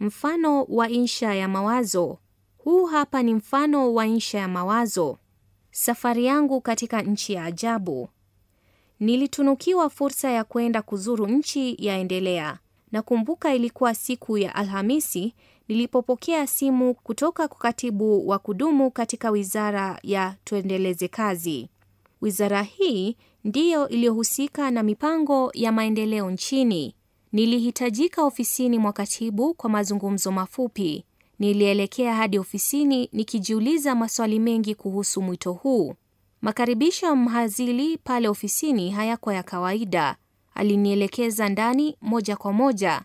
Mfano wa insha ya mawazo. Huu hapa ni mfano wa insha ya mawazo. Safari yangu katika nchi ya ajabu. Nilitunukiwa fursa ya kwenda kuzuru nchi yaendelea. Nakumbuka ilikuwa siku ya Alhamisi nilipopokea simu kutoka kwa katibu wa kudumu katika wizara ya tuendeleze kazi. Wizara hii ndiyo iliyohusika na mipango ya maendeleo nchini. Nilihitajika ofisini mwa katibu kwa mazungumzo mafupi. Nilielekea hadi ofisini nikijiuliza maswali mengi kuhusu mwito huu. Makaribisho ya mhazili pale ofisini hayakuwa ya kawaida. Alinielekeza ndani moja kwa moja.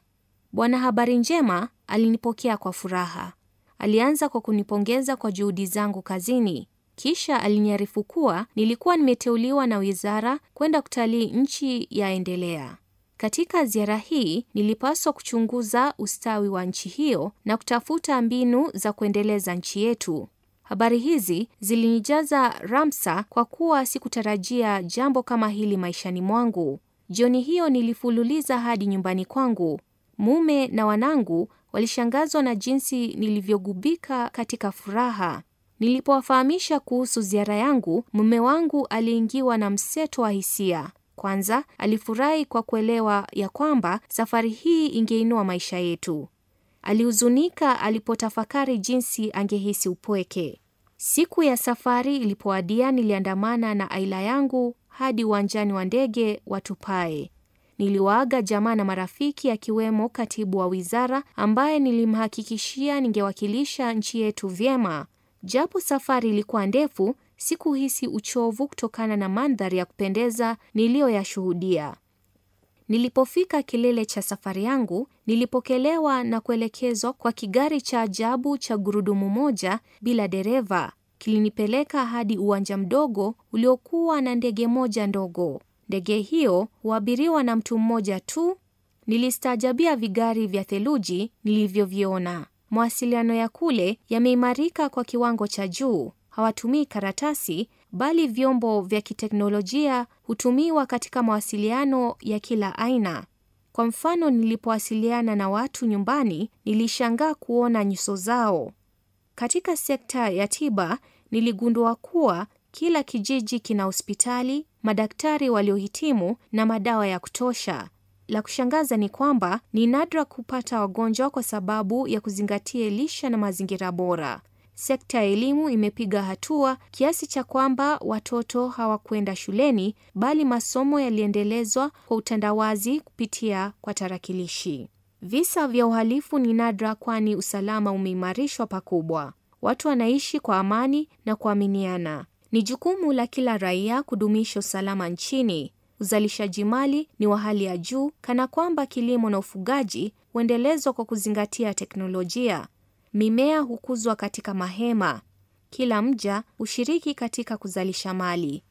Bwana habari njema alinipokea kwa furaha. Alianza kwa kunipongeza kwa juhudi zangu kazini. Kisha aliniarifu kuwa nilikuwa nimeteuliwa na wizara kwenda kutalii nchi yaendelea. Katika ziara hii nilipaswa kuchunguza ustawi wa nchi hiyo na kutafuta mbinu za kuendeleza nchi yetu. Habari hizi zilinijaza ramsa kwa kuwa sikutarajia jambo kama hili maishani mwangu. Jioni hiyo nilifululiza hadi nyumbani kwangu. Mume na wanangu walishangazwa na jinsi nilivyogubika katika furaha. Nilipowafahamisha kuhusu ziara yangu, mume wangu aliingiwa na mseto wa hisia kwanza alifurahi kwa kuelewa ya kwamba safari hii ingeinua maisha yetu. Alihuzunika alipotafakari jinsi angehisi upweke. Siku ya safari ilipoadia, niliandamana na aila yangu hadi uwanjani wa ndege wa Tupae. Niliwaaga jamaa na marafiki, akiwemo katibu wa wizara ambaye nilimhakikishia ningewakilisha nchi yetu vyema. Japo safari ilikuwa ndefu, sikuhisi uchovu kutokana na mandhari ya kupendeza niliyoyashuhudia. Nilipofika kilele cha safari yangu, nilipokelewa na kuelekezwa kwa kigari cha ajabu cha gurudumu moja bila dereva. Kilinipeleka hadi uwanja mdogo uliokuwa na ndege moja ndogo. Ndege hiyo huabiriwa na mtu mmoja tu. Nilistaajabia vigari vya theluji nilivyoviona. Mawasiliano ya kule yameimarika kwa kiwango cha juu hawatumii karatasi bali vyombo vya kiteknolojia hutumiwa katika mawasiliano ya kila aina. Kwa mfano, nilipowasiliana na watu nyumbani, nilishangaa kuona nyuso zao. Katika sekta ya tiba, niligundua kuwa kila kijiji kina hospitali, madaktari waliohitimu na madawa ya kutosha. La kushangaza ni kwamba ni nadra kupata wagonjwa kwa sababu ya kuzingatia lisha na mazingira bora sekta ya elimu imepiga hatua kiasi cha kwamba watoto hawakwenda shuleni bali masomo yaliendelezwa kwa utandawazi kupitia kwa tarakilishi. Visa vya uhalifu ni nadra, kwani usalama umeimarishwa pakubwa. Watu wanaishi kwa amani na kuaminiana. Ni jukumu la kila raia kudumisha usalama nchini. Uzalishaji mali ni wa hali ya juu, kana kwamba kilimo na ufugaji huendelezwa kwa kuzingatia teknolojia. Mimea hukuzwa katika mahema. Kila mja hushiriki katika kuzalisha mali.